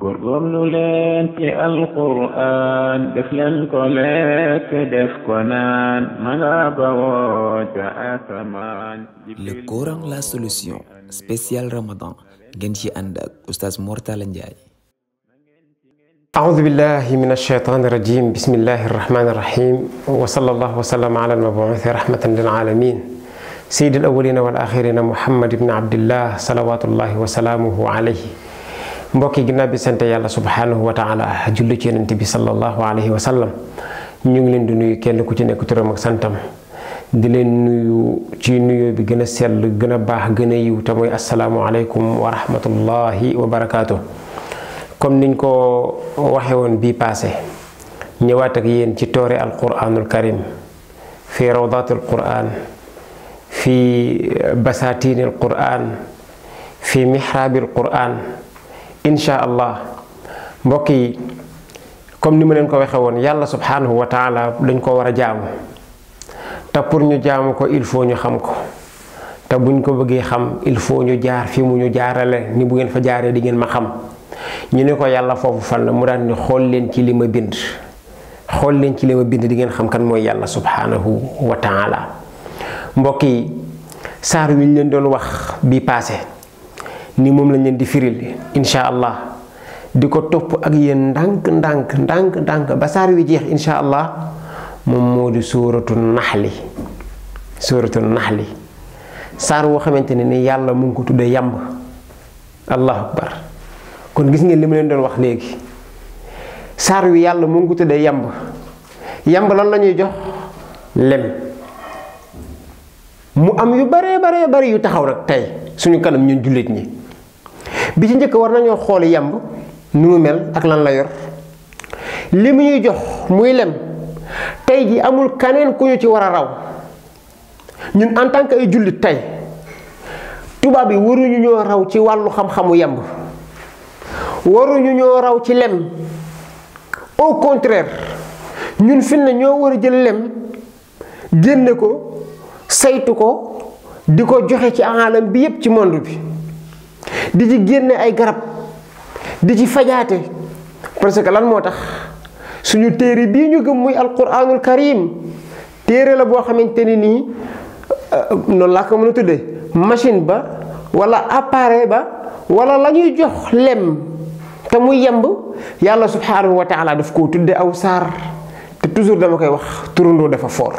قرم نولان في القرآن دفلن القلاك دفقنان مغابوا تأثمان Le Coran la solution spécial Ramadan ngeen ci ànd ak Oustaz أعوذ بالله من الشيطان الرجيم بسم الله الرحمن الرحيم وصلى الله وسلم على المبعوث رحمة للعالمين سيد الأولين والآخرين محمد بن عبد الله صلوات الله وسلامه عليه mbokki ginnaaw bi sant yàlla subhaanahu wa taala julli ci yonent bi sallallahu alayhi wa sallam ñu ngi leen di nuyu kenn ku ci nekk turam ak santam di leen nuyu ci nuyoo bi gën a sell gën a baax gën a yiw te mooy asalaamualeykum wa rahmatullahi wa barakaatu. comme niñ ko waxe woon bii paase ñëwaat ak yéen ci toore alquranul karim fi rawdatil quran fi basaatinil quran fi mihraabil quran incha allah mbokk yi comme ni ma leen ko waxe woon yàlla subhanahu wa taala dañ ko war a jaamu te pour ñu jaamu ko il faut ñu xam ko te buñ ko bëggee xam il faut ñu jaar fi mu ñu jaarale ni bu ngeen fa jaaree di ngeen ma xam ñu ne ko yàlla foofu fan mu daan xool leen ci li ma bind xool leen ci li bind di ngeen xam kan mooy yàlla subhanahu wa taala mbokk yi saar wi ñu leen doon wax bi paase ni mom lañ leen di firil inshallah allah di ak yeen dank dank dank dank ba wi jeex inshallah allah modi suratul di surutun nahl sar wo xamanteni ni yalla mu ngi tudde yàmb allah akbar kon gis ngeen limu leen doon wax legi sar wi yalla mu ngi tudde lan lañuy jox lem mu am yu bare bare bare yu taxaw rek tay suñu kanam ñun julit ñi bi ci njëkk war nañoo xool yàmb nu mu mel ak lan la yor li mu ñuy jox muy lem tey ji amul kaneen ku ñu ci war a raw ñun en tant que ay jullit tey tubaab yi waruñu ñoo raw ci wàllu xam-xamu waruñu ñoo raw ci lem au contraire ñun fin na ñoo war a jël lem génne ko saytu ko di ko joxe ci alam bi yépp ci monde bi di ci génne ay garab di ci fajaate parce que lan moo tax suñu téere bii ñu gëm muy alquranul karim téere la boo xamante ni nii euh, noonu laa ko mën a tuddee machine ba wala appareil ba wala lañuy jox lem te muy yemb yàlla subhanahu wa taala daf koo tuddee aw saar te toujours dama koy wax turandoo dafa foor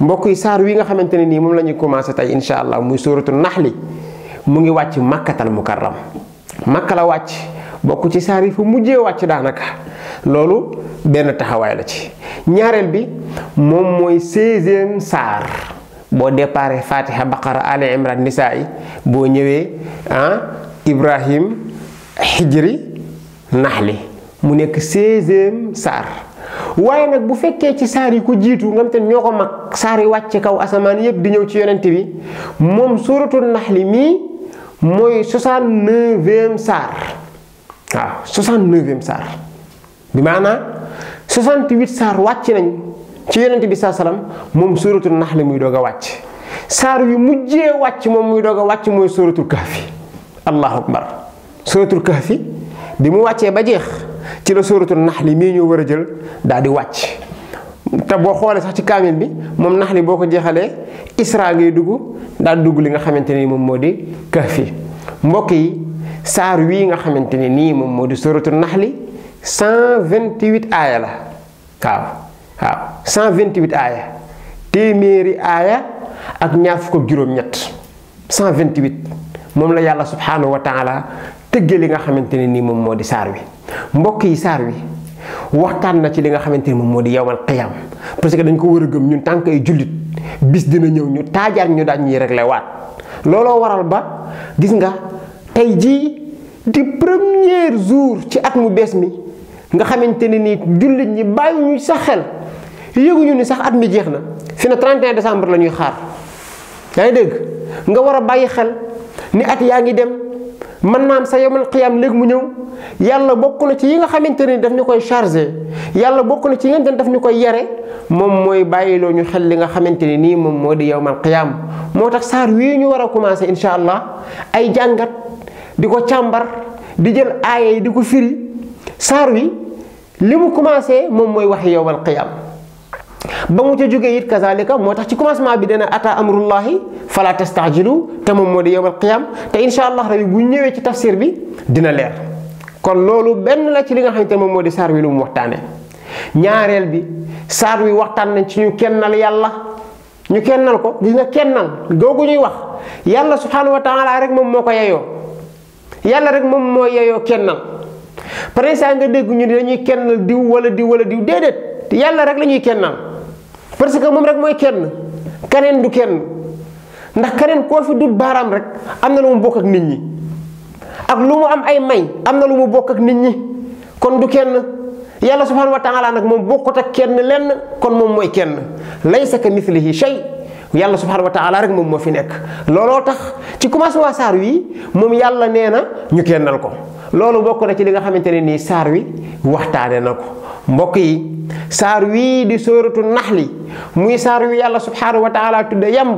mbokk yi saar wi nga xamante ne nii moom la ñuy commencé tey incha allah muy nax li mu ngi wàcc makkatal mukarram makka la wàcc bokk ci saar yi fu mujjee wàcc daanaka loolu benn taxawaay la ci ñaareel bi moom mooy seizième saar boo déparé fatiha baqara ali imran nisaa yi boo ñëwee ah ibrahim xijri naxli mu nekk seizième saar waaye nag bu fekkee ci saar yi ko jiitu nga xam ne ñoo ko mag saar yi wàcc kaw asamaan yépp di ñëw ci yonent bi moom suratul naxli mii mooy soixante-neuvième saar waaw soixante-neuvième saar bi maanaa soixante-huit saar wàcc nañ ci yonent bi saa salaam moom suratul nax la muy doog a wàcc saar yu mujjee wàcc moom muy doog a wàcc mooy suratul kahfi allahu akbar suratul kahfi bi mu wàccee ba jeex ci la suratul nax li mii ñu war a jël daal di wàcc te boo xoolee sax ci kaamil bi moom nax li boo ko jeexalee isra ngay dugg dal dug li nga xamanteni mom modi moo di kahfi mbokk yi sar wi nga xamanteni ni mom modi suratul di 128 aya la waaw waaw 128 aya temeri aya ak ñaaf ko ak ñet 128 mom la yalla subhanahu wa taala tegge li nga xamanteni ni mom modi sar wi mbok yi sar wi waxtan na ci li nga xamanteni mom modi yawmal qiyam parce que dañ ko war gëm ñun tank ay julit bis dina ñëw ñu taajaat ñu daal ñuy réglé waat looloo waral ba gis nga tey jii di premier jour ci at mu bees mi nga xamante ne nii jullit ñi bàyyiwuñu sax xel yëguñu ni sax at mi jeex na fi na 31 décembre la ñuy xaar yaa ngi dégg nga war a bàyyi xel ni at yaa ngi dem. man naam sa yowmal qiyaam léegi mu ñëw yàlla bokk na ci yi nga xamante ni daf ñu koy chargé yàlla bokk na ci yi nga daf ñu koy yare moom mooy bàyyiloo ñu xel li nga xamante ni nii moom moo di yowmal qiyaam moo tax saar wii ñu war a commencé incha allah ay jàngat di ko càmbar di jël aaya yi di ko firi saar wi li mu commencé moom mooy waxi yowmal qiyaam ba mu ca jógee it kazalika moo tax ci commencement bi dana ata amrullahi fala tastaajilu te moom moo di yowmal qiyam te incha allah rabi bu ñëwee ci tafsir bi dina leer kon loolu benn la ci li nga xam ne te moom moo di saar wi lu mu waxtaane ñaareel bi saar wi waxtaan nañ ci ñu kennal yàlla ñu kennal ko gis nga kennal googu ñuy wax yàlla subhanahu wa taala rek moom moo ko yeyoo yàlla rek moom moo yeyoo kennal par exemple nga dégg ñu ne dañuy kennal diw wala diw wala diw déedéet yàlla rek la ñuy kennal. parce que moom rek mooy kenn keneen du kenn ndax keneen koo fi dul baaraam rek am na lu mu bokk ak nit ñi ak lu mu am ay may am na lu mu bokk ak nit ñi kon du kenn yàlla subhanahu wa taala nag moom bokkut ak kenn lenn kon moom mooy kenn laysa ka mithlihi shay yàlla subhanahu wa taala rek moom moo fi nekk looloo tax ci commencement saar wi moom yàlla nee na ñu kennal ko loolu bokk na ci li nga xamante ne nii saar wi waxtaane na ko mbokk yi saar wi di sóoratu naxli muy saar wi yàlla subhaanahu wa taala tudde yamb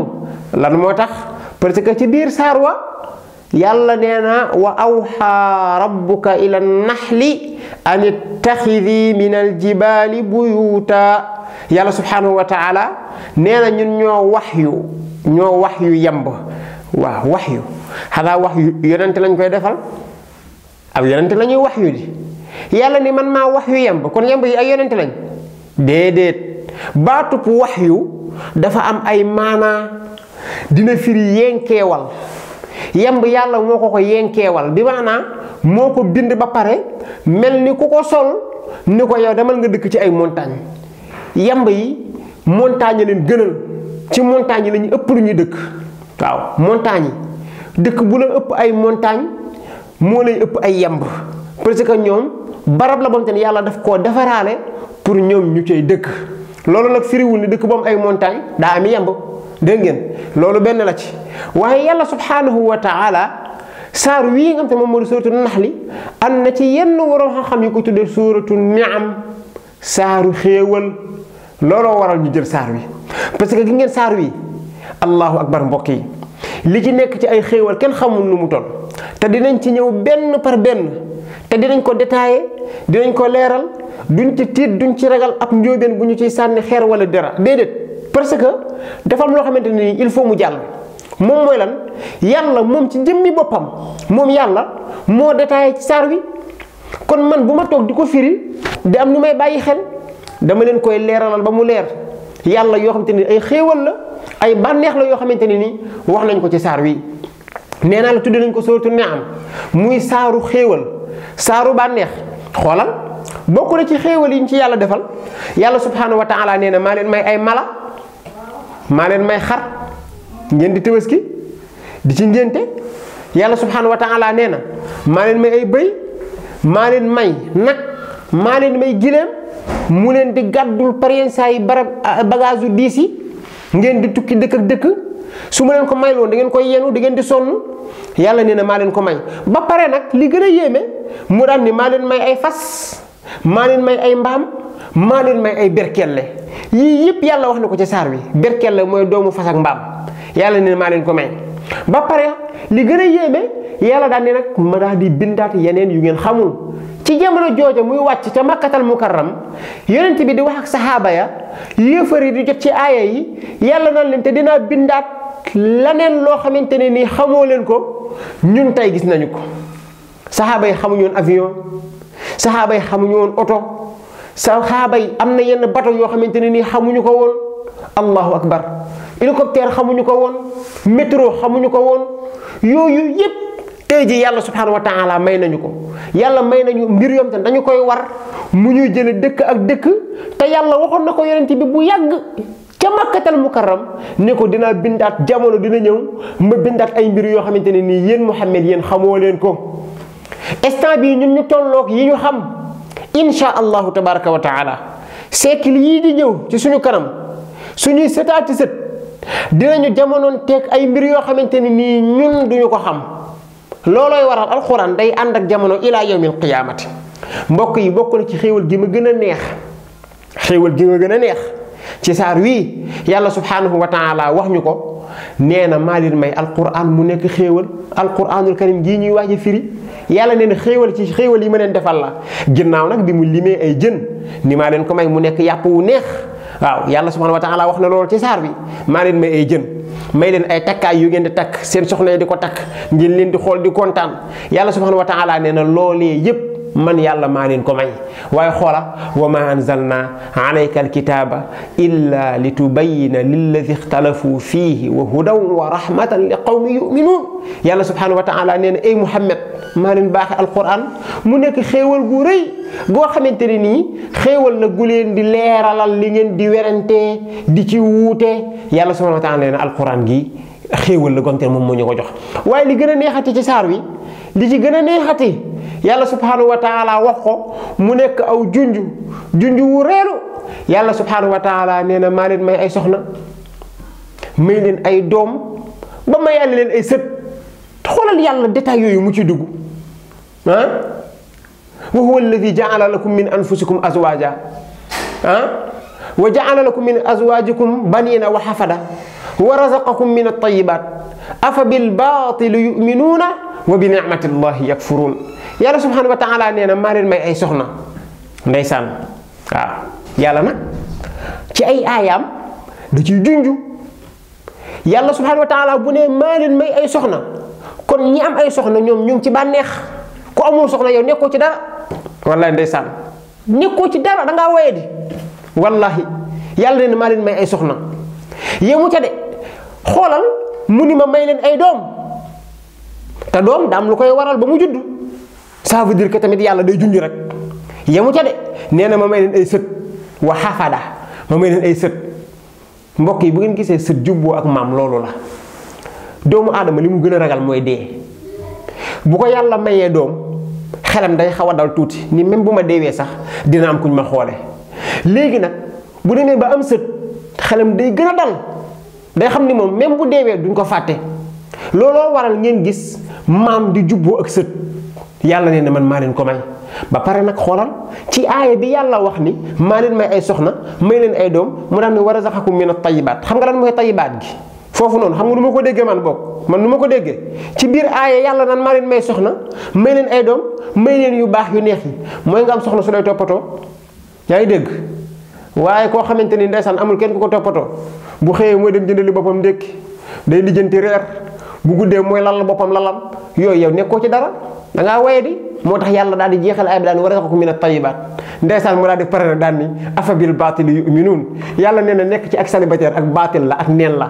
lan moo tax parce que ci biir saar wa yàlla nee na wa awxaa rabbuka ila naxli an ittaxidi min aljibaali buyuuta yàlla subhaanahu wa taala nee na ñun ñoo wax yu ñoo wax yu yamb waaw wax yu xanaa wax yu lañ koy defal ab yonent la wax yu ji ni man ma wax yu yamb kon yamb yi ay yonent lañ batu baatub wax yu dafa am ay mana dina firi yenkewal yamb yalla moko ko yenkewal bi mana moko bind ba pare mel ni sol ni yow ya demal nga dëkk ci ay montagne yamb yi montagne leen gënal ci montagne la ëpp lu dëkk waaw montagne dëkk bu la ëpp ay montagne moo lay ëpp ay yamb parce que ñoom barab la bam te ne yàlla daf koo defaraale pour ñoom ñu cay dëkk loolu nag firiwul ni dëkk ba am ay montagne daa am yemb dégg ngeen loolu benn la ci waaye yàlla subhaanahu wa taala saar wii nga xam te moom moo di suuratu naxli am na ci yenn waroo xam-xam yu ko tuddee suuratu ni'am saaru xéewal looloo waral ñu jël saar wi parce que gi ngeen saar wi allahu akbar mbokk yi li ci nekk ci ay xéewal kenn xamul nu mu toll te dinañ ci ñëw benn par benn te dinañ ko détaillé dinañ ko léral duñ ci tit duñ ci ragal ab njóobeen bu ñu ciy sànni xeer wala dara déedéet parce que dafa am loo xamante il faut mu jàll moom mooy lan yàlla moom ci jëmmi boppam moom yàlla moo détaillé ci saar wi kon man bu ma toog di ko firi di am lu may bàyyi xel dama leen koy leeralal ba mu leer yàlla yoo xamante ay xéewal la ay bànneex la yoo xamante ni wax nañ ko ci saar wi nee naa la tudd nañ ko sóoratu Naam muy saaru xéewal saaru bànneex xoolal bokk na ci xéewal yi ñu ci yàlla defal yàlla subhaanahu wa taala nee na maa leen may ay mala maa leen may xar ngeen di tëbaski di ci ngénte yàlla subhaanahu wa taala nee na maa leen may ay bëy maa leen may nag maa leen may gileem mu leen di gàddul pariensaa yi barab ah, bagage diis yi ngeen di tukki dëkk ak dëkk su ma leen ko may loon da ngeen koy yenu da di sonn yàlla nee na maa leen ko may ba pare nag li gën a yéeme mu daan ni maa leen may ay fas maa leen may ay mbaam maa leen may ay berkelle yii yëpp yàlla wax na ko ci saar bi berkelle mooy doomu fas ak mbaam yàlla nee na maa leen ko may ba pare li gën a yéeme yàlla daan ne nag ma daal di bindaat yeneen yu ngeen xamul ci jamano jooja muy wàcc ca makkatal mukarram yonent bi di wax ak saxaaba ya yi yàlla naan leen te dinaa bindaat leneen loo xamante ne nii xamoo leen ko ñun tey gis nañu ko saxaaba yi xamuñu woon avion saxaaba yi xamuñu woon oto saxaaba yi am na yenn bato yoo xamante ne nii xamuñu ko woon allahu akbar hélicoptère xamuñu ko woon métro xamuñu ko woon yooyu yépp tey ji yàlla subhanahu wa taala may nañu ko yàlla may nañu mbir yom te dañu koy war mu ñuy jële dëkk ak dëkk te yàlla waxoon na ko yonent bi bu yàgg ca makkatal mukarram ne ko dinaa bindaat jamono dina ñëw ma bindaat ay mbir yoo xamante ne nii yéen xamee yéen xamoo leen ko instant bii ñun ñu tolloog yi ñu xam insha allahu tabaraka wa taala siècle yii di ñëw ci suñu kanam suñuy sëtaati sët dinañu jamonoon teeg ay mbir yoo xamante ne nii ñun duñu ko xam loolooy waral alxuraan day ànd ak jamono ilaa yawmil qiyaamati mbokk yi bokk na ci xéewal gi ma gën a neex xéewal gi ma gën a neex ci sar wi yàlla subhanahu wa taala wax ñuko neena nee na may alquran mu nek xewal alquranul karim gi ñuy waji firi yàlla nee xewal ci xewal yi meen defal la ginnaw nak bi mu limé ay jën ni ma leen ko may mu nek yap wu neex waaw yàlla subhanahu wa taala wax na lool ci sar bi maa leen may ay jën may leen ay takkaay yu ngeen di tak seen soxla yi di ko takk ngeen leen di xol di contane yàlla subhanahu wa taala neena na yépp man yàlla maa leen ko may waaye xoola wa ma anzalna alayka alkitaaba illa li tubayina lilladi ixtalafu fiihi wa hudan wa rahmatan li qawmi yuminuun yàlla subhanahu wa taala nee na ay muhammad maa leen baaxe mu nekk xéewal gu rëy goo xamante ne nii xéewal la gu leen di leeralal li ngeen di werantee di ci wuute yàlla subhanahu wa taala nee na alquran gi xéewal la gonte moom moo ñu ko jox waaye li gën a neexati ci saar wi li ci gën a neexati yàlla subhanahu wa taala wax ko mu nekk aw junj junj wu reelu yàlla subhanahu wa taala nee maa leen may ay soxna may leen ay doom ba ma yàlla leen ay sët xoolal yàlla détail yooyu mu ci dugg ah wa huwa alladi jaala lakum min anfusikum azwaja ah wa jaala lakum min azwajikum banina wa xafada wa razaqakum min at-tayyibaat afa bil baatili yuminuuna wa bi nicmati llahi yakfuruun yàlla subhaanahu maa leen may ay soxna ndeysaan waaw yàlla nag ci ay aayaam da ciy junju yàlla subhaanahu wa bu ne maa leen may ay soxna kon ñi am ay soxna ñoom ñu ci bànneex ku amul soxna yow nekkoo ci dara wallahi ndeysaan nekkoo ci dara da ngaa woye di wallahi yàlla nee maa leen may ay soxna yéemu ca de xoolal mu ni ma may leen ay doom te doom da lu koy waral ba mu judd ça veut que tamit yàlla day junj rek yemu ca de nee na ma may leen ay sët wa xafada ma may leen ay sët mbokk yi bu ngeen gisee sët jubboo ak maam loolu la doomu aadama li mu gën a ragal mooy dee bu ko yàlla mayee doom xelam day xaw a dal tuuti ni même bu ma deewee sax dina am kuñ ma xoole léegi nag bu demee ba am sët xelam day gën a dal day xam ni moom même bu deewee duñ ko fàtte looloo waral ngeen gis maam di jubboo ak sët yàlla nee na man maa leen ko may ba pare nag xoolal ci aaya bi yàlla wax ni maa leen may ay soxna may leen ay doom mu daan ne war a saxakum min at-tayyibaat xam nga lan mooy tayyibaat gi. foofu noonu xam nga nu ko déggee bokk man nu ma ko déggee ci biir aaya yàlla naan maa leen may soxna may leen ay doom may leen yu baax yu neex yi mooy nga am soxna su lay toppatoo yaa ngi dégg. waaye koo xamante ni ndeysaan amul kenn ku ko toppatoo bu xëyee mooy dem jëndali boppam ndékki day lijjanti reer bu guddee mooy lal boppam lalam yooyu yow nekkoo ci dara da ngaa waye di moo tax yàlla daal di jeexal ay bi daan wa razaqakum mina tayyibaat ndeysaan mu daal di pare rek daan ni afabil baatili yu'minuun yàlla nee na nekk ci ak célibataire ak baatil la ak neen la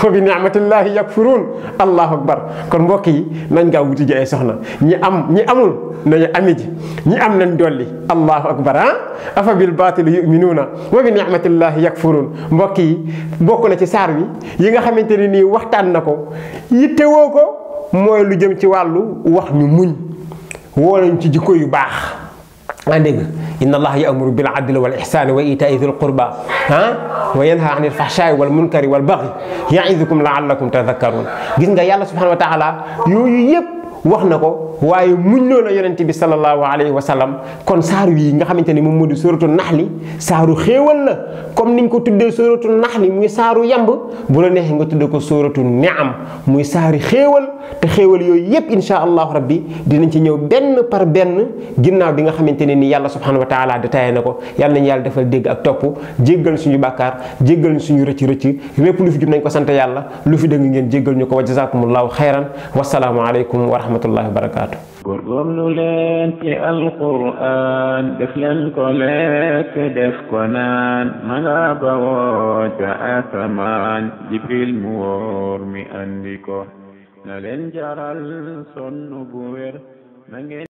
fa bi ni'matillaahi yakfuruun allahu akbar kon mbokk yi nañ gaaw wuti ji ay soxna ñi am ñi amul nañu ami ji ñi am nañ dolli allahu akbar ah afabil baatili yu'minuuna wa bi ni'matillaahi yakfuruun mbokk yi bokk na ci saar wi yi nga xamante ne nii waxtaan na ko yittewoo ko moo lu jëm ci wàllu wax ñu muñ وولن تجيكو يباخ إن الله يأمر بالعدل والإحسان وإيتاء ذي القربى ها وينهى عن الفحشاء والمنكر والبغي يعظكم لعلكم تذكرون غيس يالله سبحانه وتعالى يو ييب واخناكو waaye muñ loo la yonent bi sallallahu alayhi wa sallam kon saaru yi nga xamante ni moom moo di sóoratu naxli saaru xéewal la comme niñ ko tuddee sóoratu naxli muy saaru yamb bu la neexee nga tuddee ko sóoratu ni'am muy saari xéewal te xéewal yooyu yépp insha allahu rabbi dinañ ci ñëw benn par benn ginnaaw bi nga xamante ne ni yàlla subhanahu wa taala détaillé na ko yàlla nañu yàlla defal dégg ak topp jéggal suñu bàkkaar jéggal suñu rëcc rëcc lépp lu fi jub nañ ko sant yàlla lu fi dëng ngeen jéggal ñu ko wa jazakumullahu xayran wasalaamu aleykum wa rahmatullahi wa barakatu góorgóorlu leen ci alquran def leen ko lekk def ko naan ma nga bawoo ca asamaan jibril mu wóor mi andi na leen jaral sonn bu wér na